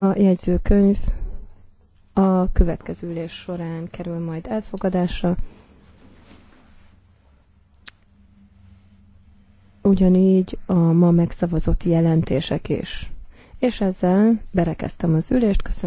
A jegyzőkönyv a következő ülés során kerül majd elfogadásra, ugyanígy a ma megszavazott jelentések is. És ezzel berekeztem az ülést, köszönöm.